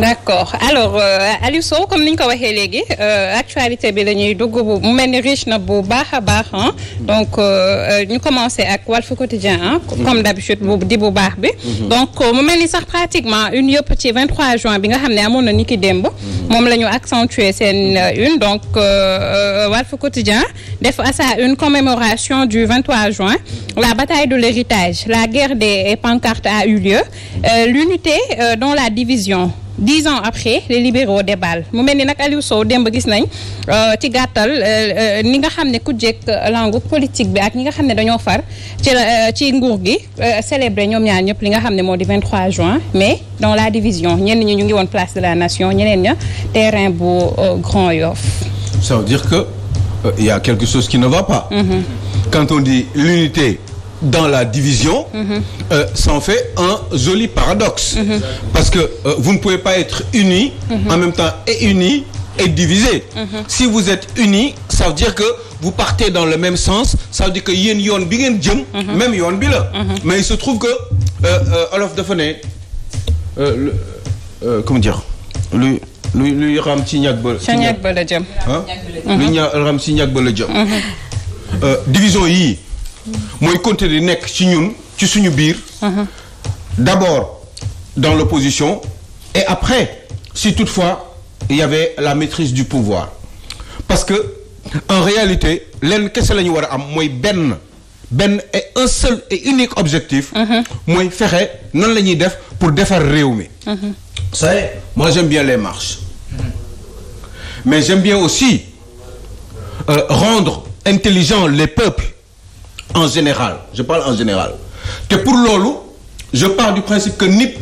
d' accord alors euh, Aliou Sow comme ni ñu ko waxee léegi euh, actualité bi la ñuy dugg bu mu mel ni rich na bu baax a baax donc euh, ñu commencé ak Walf Quotidien mhm. comme d' habitude bu di bu baax bi. Mhm. donc mu mel ni sax pratiquement une yëpp ci 23 juin bi nga xam ne amoon na ni ki démb. Mhm. moom la ñu accentuer seen une donc Walf Quotidien def à une commémoration du 23 juin la bataille de l'héritage la guerre des pancartes a eu lieu l'unité dans la division. dix ans après les de déballent mu mel ni nag Aliou Sow démb gis nañ euh, ci gàttal euh, euh, ni nga xam ne ku jekk langue politique bi ak ñi nga xam ne dañoo far ci ci nguur gi célébré ñoom ñaar ñëpp li nga xam ne moo di 23 juin mais dans la division ñenn ñi ñu ngi woon place de la nation ñeneen ña terrain bu Grand Yoff. ça veut dire que il y a quelque chose qui ne va pas. Mm-hmm. quand on dit l'unité dans la division, mhm. euh, s'en fait un joli paradoxe. Mhm. Parce que euh, vous ne pouvez pas être unis mhm. en même temps et unis et divisé. Mm -hmm. Si vous êtes unis, ça veut dire que vous partez dans le même sens, ça veut dire que yéen yoon bi ngeen jëm, yoon bi Mais il se trouve que euh, euh, Olof dafa ne euh, euh comment dire lu lu ram ci ñag ba. ca la jëm. ram ci ñag ba euh, division yii. mooy continuer nekk ci ñun ci suñu biir. Mhm. d'abord dans l'opposition et après si toutefois il y avait la maîtrise du pouvoir parce que en réalité lenn kese la ñu war a am mooy benn benn et un seul et unique objectif. Mhm. mooy fexe nan la ñuy def pour defar réew mi. Mhm. vous savez moi j'aime bien les marches. mais j'aime bien aussi euh, rendre intelligents les peuples. en général je parle en général te pour loolu je pars du principe que nit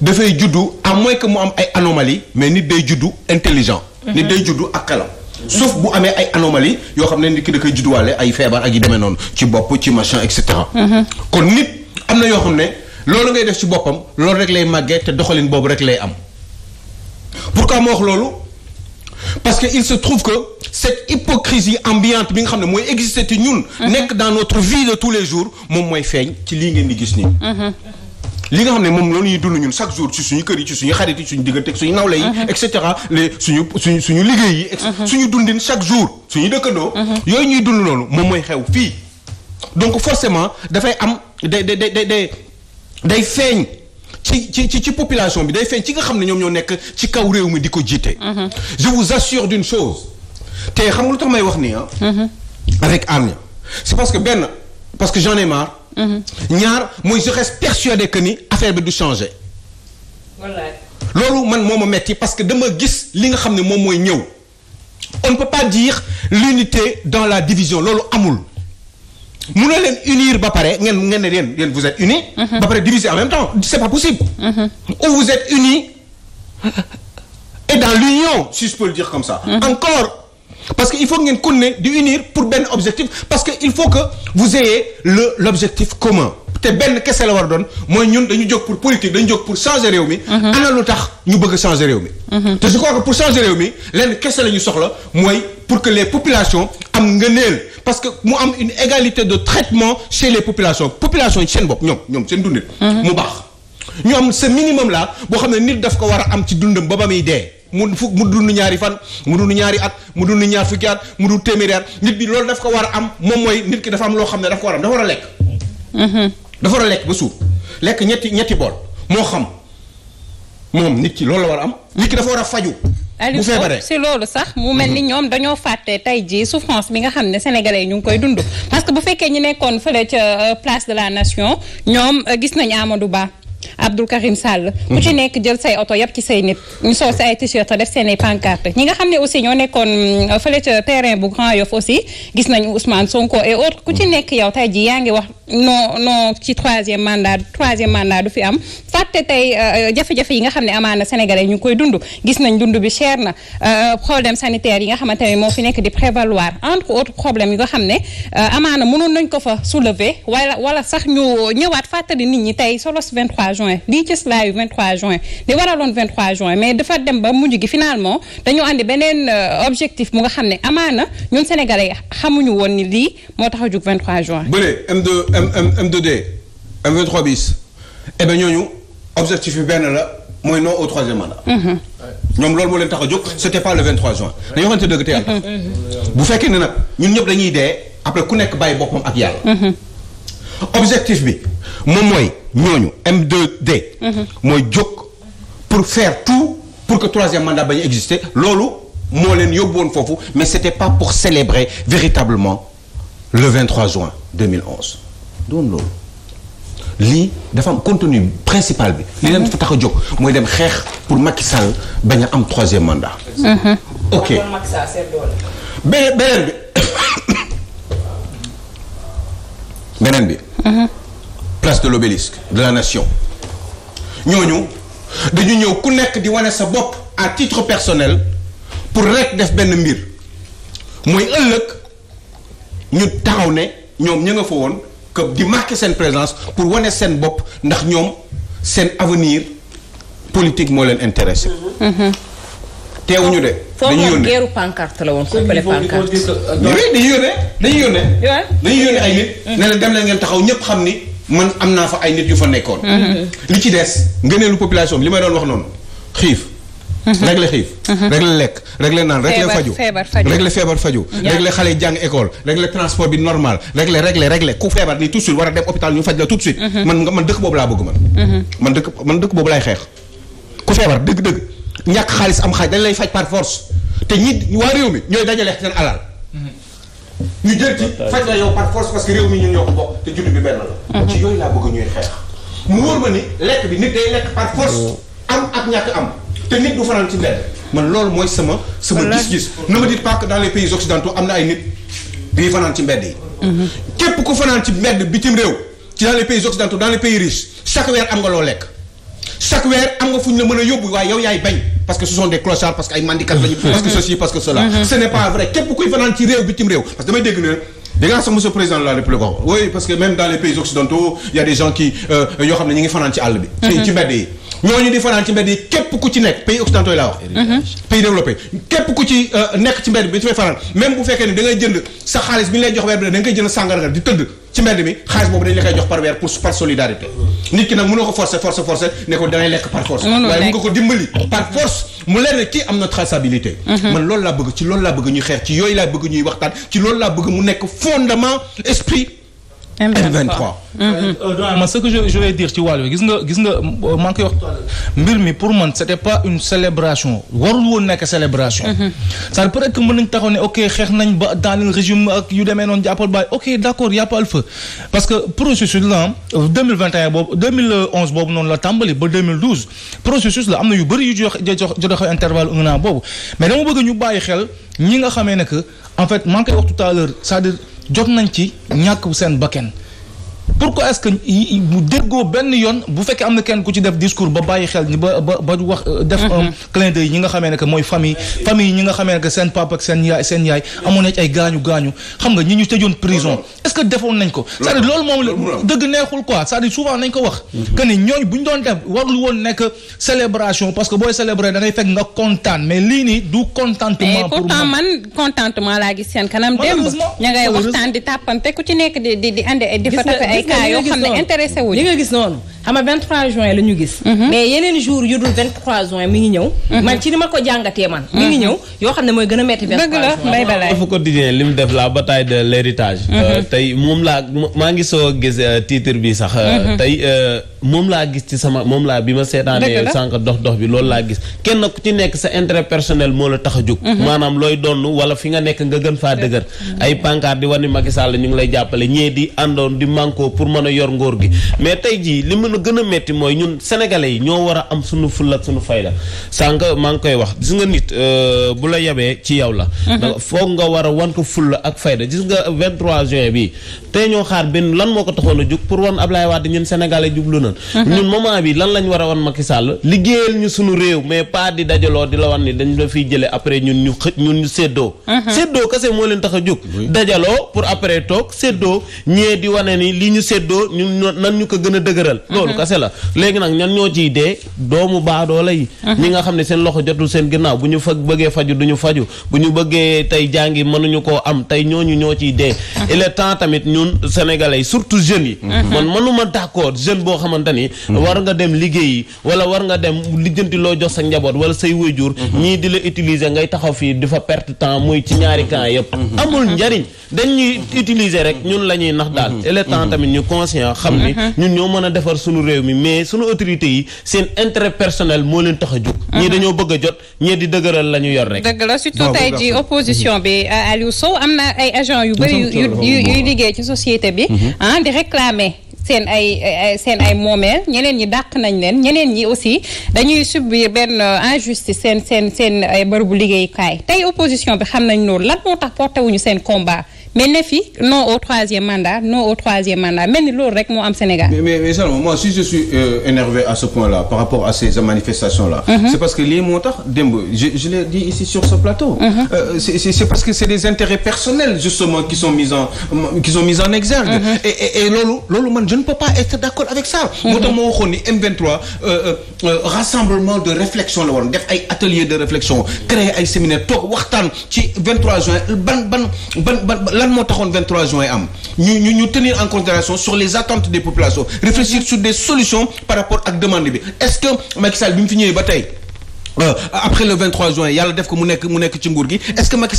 dafay juddu am mooy que mu am ay anomalie mais nit day juddu intelligent mhm. nit day juddu ak xelam sauf bu amee ay anomalie yoo xam ne nit ki da koy judduwaale ay feebar ak yi demee noonu ci bopp ci machin et mhm. kon nit am na yoo xam ne loolu ngay def ci boppam loolu rek lay màggee te doxalin boobu rek lay am pourquoi ma wax loolu parce que il se trouve que cette hypocrisie ambiante bi nga xam ne mooy exister ci ñun. Mhm. nekk dans notre vie de tous les jours moom mooy feeñ ci lii ngeen di gis nii. Mhm. li nga xam ne moom loolu ñuy dund ñun chaque jour ci suñu kër yi ci suñu xarit yi suñu diggante ak suñu nawle yi mhm. et cetera les suñu suñu liggéey yi suñu dundin chaque jour suñu dëkkandoo yooyu ñuy dund loolu moom mooy xew fii donc forcément dafay am day day day day day feeñ ci ci ci population bi day feeñ ci nga xam ne ñoom ñoo nekk ci kaw réew mi di ko jiite. je vous assure d'une chose te xam nga lu tax may wax nii ah. avec Amia c'est parce que benn parce que j'en ai marre. ñaar mooy je reste persuadé que ni affaire bi du changer. loolu man moo ma metti parce que dama gis li nga xam ne moom mooy ñëw on ne peut pas dire l'unité dans la division loolu amul. mu ne leen unir ba pare ngeen ngeen ne yéen yéen vous êtes unis. Mhm. ba pare diviser en même temps c'est pas possible. Mhm. ou vous êtes unis et dans l'union si je peux le dire comme ça. Mhm. encore parce que il faut ngeen continuer di unir pour benn objectif parce que il faut que vous ayez le l'objectif commun. te benn kese la war a doon mooy ñun dañu jog pour politique dañu jóg pour changer réew mi. ana lu tax ñu bëgg changer réew mi. te je crois que pour changer réew mi lenn kese la ñu soxla mooy. pour que les populations am neen parce que mu am une égalité de traitement chez les populations population yi seen bopp ñoom ñoom seen dundin. Mhm. mu baax ñu am ce minimum laa boo xam ne nit daf ko war a am ci dundam ba ba muy dee. mu fu mu dund ñaari fan mu ñaari at mu dund ñaar fukki at mu dund téeméeri loolu daf ko war a am moom mooy nit ki dafa loo xam ne ko war a am dafa war a lekk. Mhm. dafa war a lekk ba suur lekk ñetti ñetti bool moo xam moom nit ki loolu la war a am nit ki dafa war a faju bu feebaree si loolu sax mu mel ni mhm. ñoom dañoo fàttee tey jii souffrance bi nga xam ne sénégalais yi ñu ngi koy dund parce que bu fekkee ñu nekkoon fële ca euh, place de la nation ñoom euh, gis nañu Amadou baax Abdou Karim Sall. ku ci mhm. nekk jël say oto yëpp ci say nit. ñu sol sa ay t-shirt def seen i pancarte ñi nga xam ne aussi ñoo nekkoon euh, fële ca terrain bu Grand Yoff aussi gis nañu Ousmane Sonko et autres ku ci mhm. nekk yow tey ji yaa ngi wax non non ci troisième mandat troisième mandat du fi am fàtte tey euh, euh, jafe-jafe yi nga xam ne amaana sénégalais ñu ngi koy dund gis nañ dund bi cher na problème sanitaire yi nga xamante ne moo fi nekk di prévaloir entre autres problèmes yi nga xam ne amaana mënoon nañ ko fa soulever wala wala sax ñu ñëwaat fàttali nit ñi tey solos juin lii ci slaayu 23 juin li waraloon 23 juin mais dafa dem ba mujj gi finalement dañoo andi beneen euh, objectif mu nga xam ne amaana ñun sénégalais xamuñu woon ni lii moo tax a jug 23 juin. bële M2 M 2 m m M23 bis eh bien ñooñu benn la mooy non au mhm. ñoom loolu moo leen tax a jóg c'était pas le 23 juin. dañoo xamante dëgg te yàlla. bu fekkee ne nag ñun ñëpp dañuy dee après ku nekk bàyyi boppam ak yàlla. Mhm. objectif bi. moom mooy ñooñu M2D. Mhm. mooy jóg pour faire tout pour que troisième mandat bañ a exister loolu moo leen yóbbu woon foofu mais c'était pas pour célébrer véritablement le 23 juin 2011 doon loolu. lii dafa am contenu principal bi. li leen dafa tax a jóg mooy dem xeex pour Macky Sall bañ a am troisième mandat. Mhm. ok beneen bi. Mhm. place de l'obélisque de la nation ñooñu dañu ñëw ku nekk di wane sa bopp à titre personnel pour rek def benn mbir mooy ëllëg ñu taxaw ne ñoom ña nga fa woon que di marquer seen présence pour wane seen bopp ndax ñoom seen avenir politique moo leen intéressé. Mm-hmm. teewuñu de. dañuy yónnee guerre pancarte la woon. xëppale pancarte euh, oui dañuy yónnee dañuy yónnee. dañuy yónnee ay nit. Mm-hmm. ne leen dem leen ngeen taxaw ñëpp xam ni. man am naa fa ay nit yu fa nekkoon. Mhm. Mhm. li ci des ngëneelu population bi li may doon wax noonu xiif. Mhm. réglé xiif. réglé lekk réglé naan réglé faju réglé feebar faju réglé xale jàng école réglé transport bi normal réglé réglé réglé ku feebar nii tout de suite war a dem hôpital ñu faj la tout de suite. man man dëkk boobu laa bëgg man. man dëkk man dëkk boobu laay xeex. ku feebar dëgg-dëgg ñàkk xaalis am xaaj dañ lay faj par force te ñi waa réew mi ñooy dajale seen ñu jël ci faj la yow par parce que réew mi ñun ñoo ko bokk te julli bi benn la. Mhm. ci yooyu laa bëgg ñuy xeex. mu wóor ma ni lekk bi nit day lekk par force. Mhm. am ak ñàkk am te nit du fanaan ci mbedd. man loolu mooy sama sama gis-gis. ne me dites pas que dans les pays occidentaux am na ay nit yuy fanaan ci mbedd yi. Mhm. képp ku fanaan ci bi bitim réew. ci dans les pays occidentaux dans les pays riches chaque weer am nga loo lekk chaque weer am nga fu ñu la mën a yóbbu waaye yow yaay bañ. parce que ce sont des clochards parce que ay mandikat lañu parce que ceci parce que cela mhm. ce n'est pas vrai képp kuy fanaan ci réew bitim réew parce que damay dégg ne dégg naa sax monsieur président de la République oh. parce que même dans les pays occidentaux il des gens qui euh, yoo xam ne ñu ngi fanaan ci àll bi mhm. ci mbedd yi ñooñu di fanaan ci mbedd yi képp ku ci nekk pays occidentaux yi laa wax. pays développé képp ku ci euh, nekk ci mbedd bi su bu fekkee ni da ngay jënd sa xaalis bi ñu jox weer bi da nga koy jënd ci mbedd mi xaalis boobu dañ la koy jox par weer pour par solidarité. nit ki nag mënoo ko forcer forcer forcer ne dangay lekk par force. waaye mën nga ko dimbali par force. mu leer ne kii am na traçabilité. man loolu laa bëgg ci loolu laa bëgg ñuy xeex ci yooyu laa bëgg ñuy waxtaan ci loolu laa bëgg mu nekk fondement esprit M23 Donald man ce que je je vais dire ci wàllu gis nga gis nga euh, maa ngi koy mbir mi pour man c'était pas une célébration warul woon nekk célébration mhm. ça peut être que nañ taxaw ne ok xeex nañ ba dans régime ak yu demee noonu jàppal bàyyi ok d'accord y a parce que processus la euh, boobu noonu la tàmbali ba processus la am na yu bëri yu jox joxe intervalle un boobu mais dama bëgg ñu bàyyi xel ñi nga xamee ne en fait maa ngi koy wax tout à jot nañ ci ñàkk seen bakkan pourquoi est-ce que mu déggoo benn yoon bu fekkee am na kenn ku ci def discours ba bàyyi xel ñi ba ba ba wax euh, def mm-hmm. un clin d'œil nga xamee ne que mooy famille famille ñi nga xamee ne que seen papa seen yaay amoon na ci ay ñu tëjoon prison est-ce que defoon nañ ko cest à souvent nañ ko wax mm-hmm. que ni ñooñ bu ñu doon def warul woon nekk célébration parce que booy célébrer da ngay fekk nga kontaan mais lii nii du contentement pour pourtant laa gis seen kanam démb ña waxtaan di tàppante ku ci nekk di ay cas yoo xam mhm. mhm. ma ko jàngatee mhm. yoo xam ne mooy gën a metti 23 juin dëgg la mbay li mu def la bataille de l'héritage euh, tey moom laa maa ngi soo gis euh, titre bi sax euh, tey moom laa gis ci sama moom laa bi ma seetaanee sànq dox dox bi loolu laa gis kenn ku ci nekk sa intérêt personnel moo la tax a jóg maanaam looy donn wala fi nga nekk nga gën faa dëgër ay pancarte di war ni Macky Sall ngi lay jàppale ñee di àndoon di manko ko pour mën a yor ngóor gi mais tey jii li mën a gën a metti mooy ñun sénégalais yi ñoo war a am suñu fulla ak suñu fayda sànq maa koy wax gis nga nit euh, bu la yebee ci yow la mhm. foog nga war a wan ko la ak fayda gis nga 23 juin bii tey ñoo xaar benn lan moo ko taxoon a jug pour wan Ablaye Wade ñun sénégalais jublu nañ mhm. ñun moment bi lan lañ war a wan Macky Sall liggéeyal ñu suñu réew mais pas di dajaloo di la wan ni dañ la fi jëlee après ñun ñu xëj ñun ñu séddoo mhm. séddoo moo leen tax a jug dajaloo pour après toog séddoo ñee di wane ni li ñu séddoo ñu nan ñu ko gën a dëgëral mm-hmm. loolu kase la léegi nag ñan ñoo ciy dee doomu baadoola yi mm-hmm. ñi nga xam ne seen loxo jotul seen ginnaaw bu ñu fa bëggee faju duñu ñu faju bu ñu bëggee tey jàngi mënuñu koo am tey ñooñu ñoo ciy dee mm-hmm. il est temps tamit ñun sénégalais surtout jeunes yi man mënuma d'accord jeune boo xamante ni war nga dem liggéeyi wala war nga dem lijjanti loo jox sa njaboot wala say waajur ñii di la utiliser ngay taxaw fii di fa perte temps muy ci ñaari camp yëpp tamit ñu conscient xam ni mhm. ñun ñoo mën a defar suñu réew mi mais suñu autorités yi seen intérêt personnel moo leen tax a jóg mhm. ñii dañoo bëgg a jot ñii di dëgëral la ñu yor rek dëgg la surtout tey ji bi mhm. euh, Aliou Sow am na yu bëri yu yuy liggéey ci société bi ah di réclamer seen ay seen ay moomeel ñeneen ñi dàq nañ leen ñeneen ñi aussi dañuy subir benn euh, injustice seen seen seen ay bërëbu liggéeykaay tey opposition bi xam nañ loolu lan moo tax porté wuñu seen combat mais ne fi non au troisième mandat non au troisième mandat mel ni loolu rek am Sénégal. mais si je suis euh, énervé à ce point là par rapport à ces manifestations là. Mm parce que lii moo tax démb je je l' ai dit ici sur ce plateau. Mm parce que c' des intérêts personnels justement qui sont mis en exergue. Mhm. et et man je ne peux pas être d' avec ça. Mhm. moo tax M23 euh, rassemblement de réflexion la waroon def de réflexion créer ay séminaire toog waxtaan ci 23 juin ban ban ban lan moo taxoon 23 juin am ñu ñu ñu tenir en considération sur les attentes des populations réfléchir sur des solutions par rapport ak demande bi est-ce que Macky Sall bi mu fi ñëwee ba tey Euh, après le 23 juin yàlla def ko mu nekk mu nekk ci nguur gi est-ce que Macky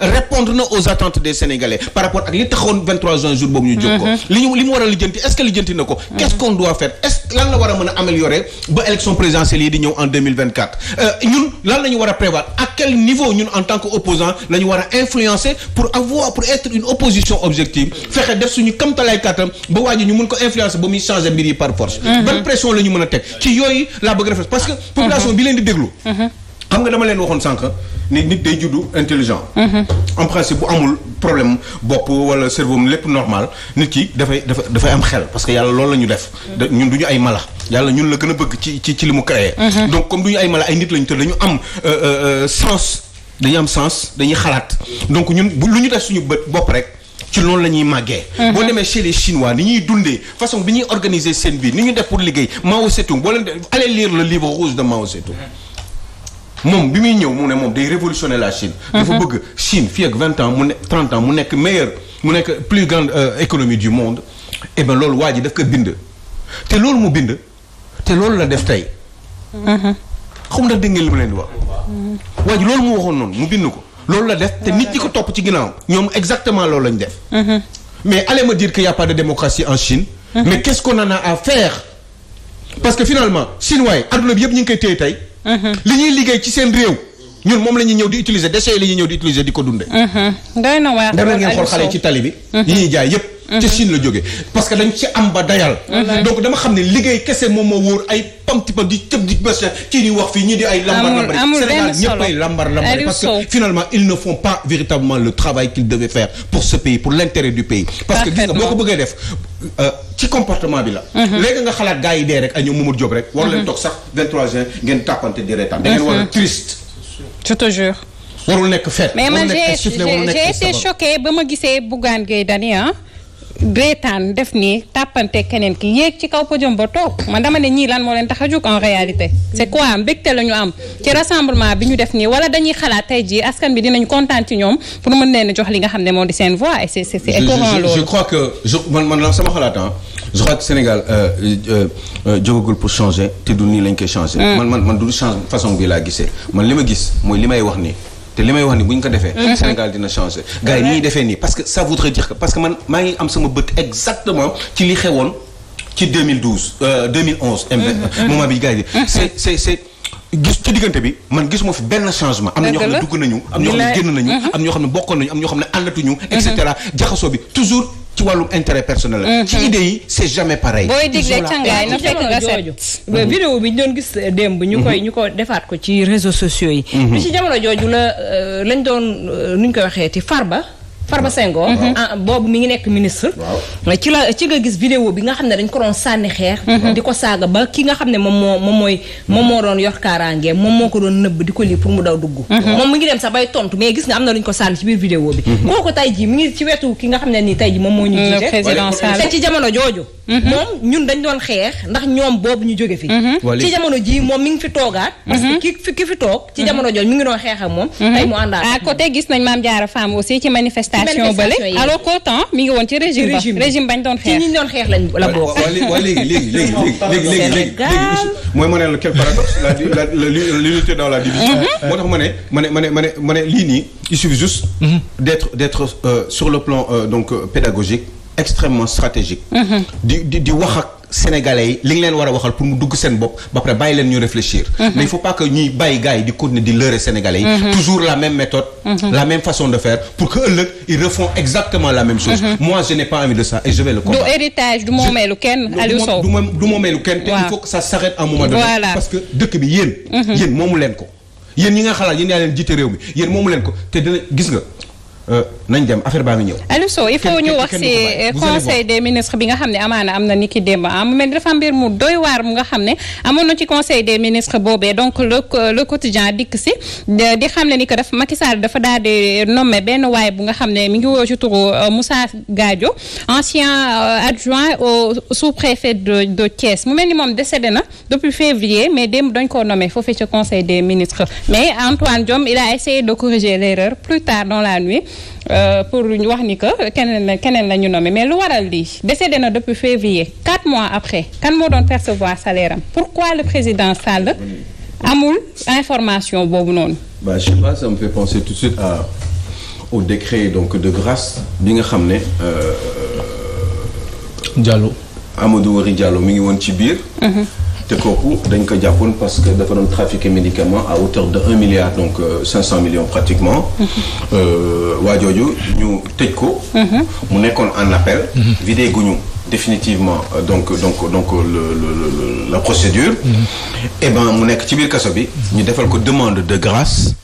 répondre na aux attentes des Sénégalais par rapport ak li taxoon juin jour boobu ñu jóg ko mhm. li ñu li mu war a lijjanti est-ce que lijjanti na ko mhm. qu'est-ce qu'on doit faire est-ce lan war a mën améliorer ba élection présidentielle yi di ñëw en euh, ñun lan la ñu war a prévoir à quel niveau ñun en tant que opposant la war a influencer pour avoir pour être une opposition objective xam nga dama leen waxoon sànq ni nit day juddu intelligent. en principe bu amul problème bopp wala cerveau lépp normal nit yi dafay dafa dafay am xel parce que yàlla loolu la ñu def. ñun du ay mala. yàlla ñun la gën a bëgg ci ci ci li mu créé. comme du ñu ay ay nit lañu te dañu am euh, euh, euh, sens dañu am sens dañuy xalaat donc ñun bu lu ñu def suñu bët bopp rek. ci loolu la ñuy màggee. boo demee chez les chinois ni ñuy dundee façon bi ñuy organiser seen biir ni ñu def pour liggéey Mao Tse-tung boo leen allez lire le livre rouge de Mao tse moom bi muy ñëw mu ne moom day révolutionner la Chine. dafa mhm. bëgg Chine fii ak vingt ans mu ne trente ans mu nekk meilleur mu nekk plus grande euh, économie du monde et eh loolu waa ji daf ko bind te loolu mu bind te loolu la def tey. Mhm. xam ndax dégg ngeen li leen di wax. waa ji loolu mu waxoon noonu mu bind ko. loolu la def te nit ñi ko topp ci ginnaaw ñoom exactement loolu lañu def. Mhm. mais allez me dire qu'il y pas de démocratie en Chine. mais qu'est-ce qu'on en parce que finalement chinois yi adduna bi yëpp ñu ngi koy téye tey. Mhm. li ñuy liggéey ci seen réew. ñun moom la ñëw di utiliser déchets yi ñëw di utiliser di ko dundee. Mhm. doy na ngeen xool xale ci tali bi. Mhm. ñuy jaay yëpp. ci Chine la jógee parce que dañ ci am ba dayal donc dama xam ne liggéey kese moom moo wóor ay pamtipa di tëb di bés kii di wax fii ñii di ay lambar lambari Sénégal ñëpp ay lambar parce que finalement ils ne font pas véritablement le travail qu'ils devaient faire pour ce pays pour l'intérêt du pays parce que gis nga boo ko bëggee def euh, ci comportement bi la mhm. léegi nga xalaat gars dee rek ay ñoom Mamadou Diop rek mhm. a mhm. triste je te jure warul nekk fête mais man j'ai été choquée ba ma gisee reetaan def nii tàppante keneen ki yéeg ci kaw podium ba toog man dama ne ñii lan moo leen tax a jóg en réalité c'est quoi mbégte la ñu am ci rassemblement bi ñu def nii wala dañuy xalaat tey jii askan bi dinañ kontaan ci ñoom pour mën leen jox li nga xam ne moo di seen voix et c'est c'est écœurant loolu je crois que je man man sama xalaat je euh, euh, euh, pour changer te du nii lañ koy changer mm. man man man du change façon bi laa gisee man li ma gis mooy li may wax nii te li may wax ni bu ñu ko defee. Mhm. Sénégal dina changer. gars yi defee nii parce que ça voudrait dire que parce que man maa ngi am sama bët exactement ci li xewoon ci 2012 2011. Euh, e. mhm, mhm. moment bi gars yi c'est c'est c'est gis ci diggante bi man gisuma fi benn changement. am na ñoo xam ne dugg nañu. am ñoo xam ne génn nañu. am ñoo xam ne bokkoon nañu am ñoo xam ne àndatuñu. et cetera jaxasoo bi toujours. ci wàllum intérêt personnel la. Mhm. ci idée yi c' est jamais pareil. booy digle càngaay na fekk nga ba mhm. vidéo bi ñu doon gis euh, démb. ñu koy mhm. ñu ko defaat ko ci réseaux sociaux yi. bi ci jamono jooju la euh, lañ doon euh, nuñ koy waxee ci far ba Farba Senghor mhm. ah, ah, boobu mi ngi nekk ministre ci la ci nga gis vidéo bi nga xam ne dañ ko doon sànni xeex mhm. di ko saaga ba ki nga xam ne moom moo moom mooy moom moo doon yor kaaraange moom moo ko doon nëbb di ko lii pour mu daw dugg mhm. moom mi ngi dem sax bay tontu mais gis nga am na lu ñu ko sànni ci biir vidéo bi kooku tey ji mi ngi ci wetu ki nga xam ne ni tey ji moom moo ñu jiite te ci jamono jooju Mm-hmm. moom ñun dañ doon xeex ndax ñoom boobu ñu jóge fi mm-hmm. ci jamono ji moom mi ngi fi toogaat parce que mm-hmm. ki fi toog ci jamono jooju mi ngi doon xeex ak moom tey mu àndaat à côté gis nañ Mame Diarra Fam aussi ci manifestation bële alors qu'autant mi ngi woon ci régime bañ doon xeex la bokk waaw léegi léegi mooy ma ne la quel paradoxe la l'unité dans la division moo tax ma ne ma ne ma ne ma ne lii nii il suffit juste d'être euh, sur le plan euh, donc euh, pédagogique extrêmement stratégique. Mhm. di di wax ak sénégalais yi li nga leen war a waxal pour mu dugg seen bopp ba pare bàyyi leen ñu réfléchir. Mhm. mais il faut pas que ñuy bàyyi gars yi di continuer di leurrer sénégalais yi. Mhm. toujours la même méthode. la même façon de faire pour que ëllëg ils refont exactement la même chose. moi je n'ai pas envie de ça et je vais le combattre. du héritage du moomeelu kenn Aliou Sow du du moomeelu kenn. te il faut que ça s'arrête à un moment leen ko. yéen ñi nga xalaat yéen yaa leen jiite réew mi yéen Euh, nañ dem affaire baa ngi ñëw. Aliou il faut ñu wax ci conseil des ministres bi nga xam ne amaana am na ni ki démb ah, am mais dafa mbir mu doy waar mu nga xam ne amoon na ci conseil des ministres boobee donc le le quotidien dikk si di xam ne ni que daf Macky dafa daal di nommé benn waaye bu nga xam ne mi ngi woo ci turu euh, Moussa Gadio ancien euh, adjoint au sous-préfet de de Thiès mu mel ni moom décédé na depuis février mais démb dañ koo nommé foofee ci conseil des ministres mais Antoine Diome a essayé de corriger l'erreur plus tard dans la Euh, pour ñu wax ni que keneen la keneen la ñu nommé mais lu waral lii décédé na depuis février quatre mois après kan moo doon percevoir salaire am pourquoi le président Sall amul information boobu noonu. bah je sais pas fait penser tout suite à décret donc de grâce bi nga xam ne. Euh, Diallo. Amadou Wari Diallo mi ngi woon ci biir. Mhm. te kooku dañ ko jàppoon parce que dafa doon trafiquer médicament à hauteur de un milliard donc euh, cinq cent millions pratiquement. Mhm. Euh, waa jooju ñu tëj ko. Mhm. mu nekkoon en appel. Mhm. vidé guñu définitivement euh, donc donc donc le le le la procédure. et eh mu nekk ci biir kaso bi. ñu defal ko demande de grâce.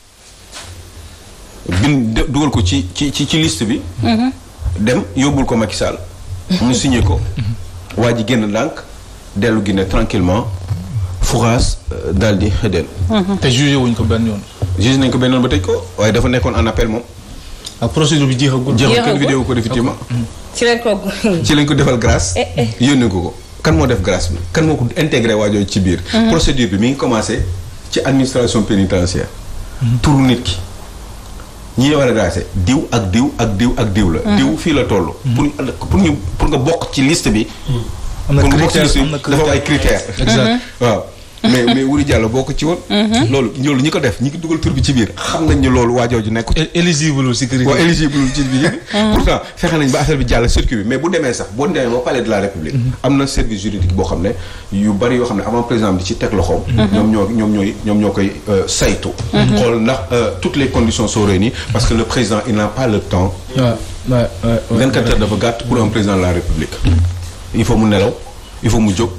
bin dugal ko ci ci ci liste bi. dem yóbbul ko Macky Sall. mu ko. waa ji génn ndànk. dellu Guinée tranquillement Fouras euh, daal di xëddeen. Mhm. te jugé wuñ ko benn yoon. jugé nañ ko benn yoon ba tëj ko waaye dafa nekkoon en appel moom. ak ah, procédure bi jeexagul. jeexagul kenn vidéo ko effectivement. Mhm. ci lañ ko ci lañ ko defal grâce. Eh, eh. yónni ko ko kan moo def grâce bi kan moo ko intégré waajoo ci biir. Mhm. procédure bi mi ngi commencé ci administration pénitentiaire turu nit ki. ñi war a gracer diw ak diw ak diw ak diw la. diw fii la toll. pour pour ñu pour nga bokk ci list bi. am na critère am na dafa am ay critères. exact waaw. mais mais Wuri Diallo boo ko ci woon. Mhm. loolu loolu ñi ko def ñi ko dugal tur bi ci biir xam nañ ni loolu waa jooju nekk. E-, éligible ci critère waaw éligible ci biir. Uh-huh. pourtant fexe nañ ba affaire bi jàll circuit bi mais bu demee sax boo demee ba palais de la république. Mhm. am na service juridique boo xam ne yu bari yoo xam ne avant président bi di ci teg loxoom. Mhm. ñoom ñoo ñoom ñooy ñoom ñoo koy euh, saytu. xool ndax euh, toutes les conditions sont réunies parce que le président il n'a pas le temps. waaw waaw 24 heures dafa gàtt pour un président de la république. il faut mu nelaw il faut mu jóg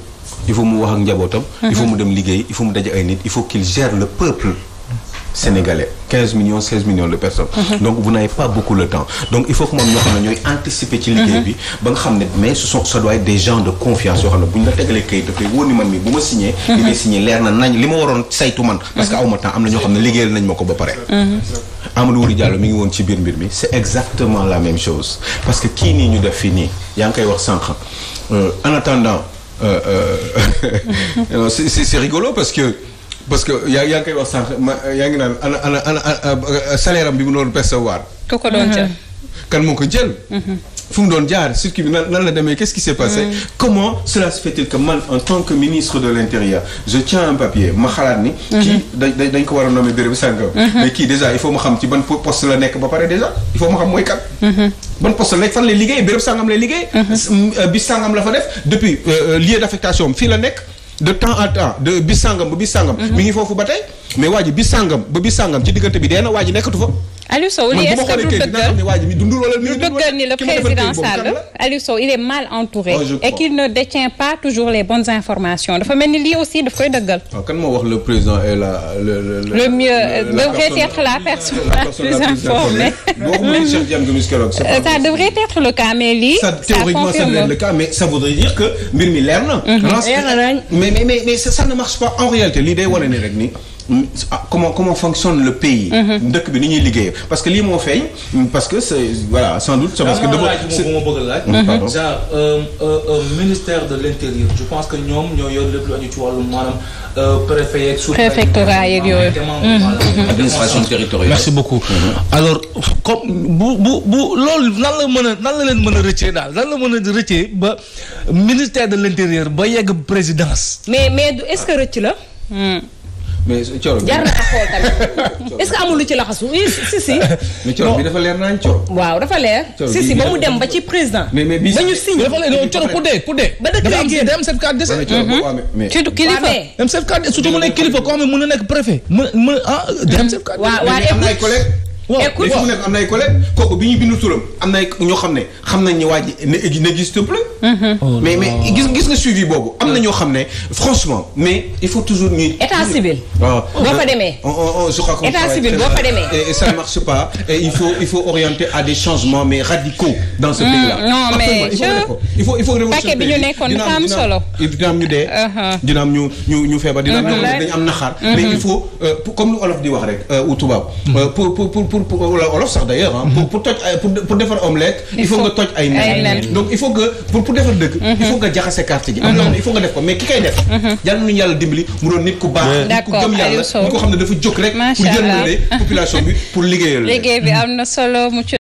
il faut mu wax ak njabootam. il faut mu mhm. dem liggéey il faut mu daje ay nit il faut qu'il gère le peuple sénégalais 15 millions 16 millions de personnes. Mhm. donc vous n'avez pas beaucoup le temps donc il faut que moom ñoo xam ne ñooy anticiper ci liggéey mhm. bi ba nga xam ne mais ce sont ça doit être des gens de confiance yoo xam ne bu ñu la tegalee kayit dafay wóor ni man mi bu ma signé. li may signé leer na nañ li ma waroon saytu man. parce que aw ma temps am na ñoo xam ne liggéeyal nañ ma ko ba pare. Amadou Wuri Diallo mi ngi woon ci biir mbir mi c'est exactement la même chose parce que kii nii ñu def fii nii yaa ngi koy wax sànq euh, en attendant euh, euh, c'est c'est rigolo parce que parce que yaa yaa ngi koy wax sànq ma yaa ngi naan ana ana ana salaire bi mu doon percevoir. ku ko doon ca. kan moo ko jël. fu mu doon jaar circuit bi nan la demee qu'est-ce qui s'est passé. Mm. comment cela se fait-il que man en tant que ministre de l'intérieur je tiens papier ma xalaat ni. Mm-hmm. kii dañ dañ ko war a nommer béréb sàngam. Mm-hmm. mais kii déjà il faut ma xam ci ban poste la nekk ba pare déjà il faut ma xam mooy kan. Mm-hmm. ban poste la nekk fan lay liggéey béréb sàngam lay liggéey. Euh, bis sàngam la fa def depuis euh, euh, lieu d'affectation fii la nekk. de temps en temps de bis sàngam ba bis sàngam. mi ngi foofu ba tey mais waa ji bis ba bis sàngam ci diggante bi dee na waa ji nekkatu fa. Aliou Sow lii est-ce que du dëggal ni le président Sall Aliou Sow il est mal entouré oh, et qu'il ne détient pas toujours les bonnes informations dafa mel ni lii aussi daf koy dëggal kan moo wax le président est la le mieux euh, devrait être la personne la plus informée ça devrait être le cas mais lii ça théoriquement ça devrait être le cas mais ça voudrait dire que mbir mi leer na mhm. mais mais mais ça ne marche pas en réalité lii day wane ni rek nii comment comment fonctionne le pays. Mhm. dëkk bi ni ñuy liggéey que lii moo feeñ. parce que c'est voilà je pense que ñoom ñoo yor lépp lu aju ci wàllum maanaam euh, préfet yeeg sous préfectorat yeeg yooyu. Mhm. Mhm. administration territoriale. merci beaucoup. alors comme bu bu bu loolu nan la mën a la leen mën a rëccee daal nan la mën a rëccee ba ministère de l'intérieur ba yegg présidence. mais mais est-ce que rëcc la. Hmm. mais coro jar na ko xool tamit est-ce que lu ci laxasu eh, si si. mais bi dafa leer nañ coro. waaw dafa leer. si si ba mu dem ba ci président. mais mais bi ba ñu signé. dafa leer coro ku dee ku dee. ba dëkk lay génn dafa am certificat de décès. mais surtout kilifa. am certificat surtout mu nekk kilifa koo xam ne nekk préfet. mën mën ah day am certificat. waaw waaw am na ay collègues. écoute waaw nekk am na ay collègues kooku bi ñu bindu turam am na ñoo xam ne xam nañ ne waa ji n'existe plus. Mm-hmm. Oh mais mais gis gis nga suivi boobu am na ñoo xam ne franchement mais il faut toujours ñuy. état civil. waaw ah. boo fa euh, demee. je crois que état civil boo fa demee. et ça ne marche pas et il faut il faut orienter à des changements mais radicaux. dans ce mm, pays là. non mais il faut il faut paquet bi ñu nekkoon dafa am solo. dina am ñu dee. Uh-huh. dina am ñu ñu ñu feebar dina am ñu mm-hmm. dañu am naxaar. Mm-hmm. mais il faut euh, comme lu olof di wax rek euh, ou tubaab. pour pour pour. pour pour toj ay pour defar omelette il faut nga toj ay nen donc il faut que pour defar dëkk il faut nga jaxase carte gi mhm. il faut nga def ko mais ki koy def mhm. yàlla nañu yàlla dimbali mu doon nit ku baax nit ku gëm yàlla ko xam ne dafa jóg rek pour jëlale bi pour liggéeyal liggéey bi am na solo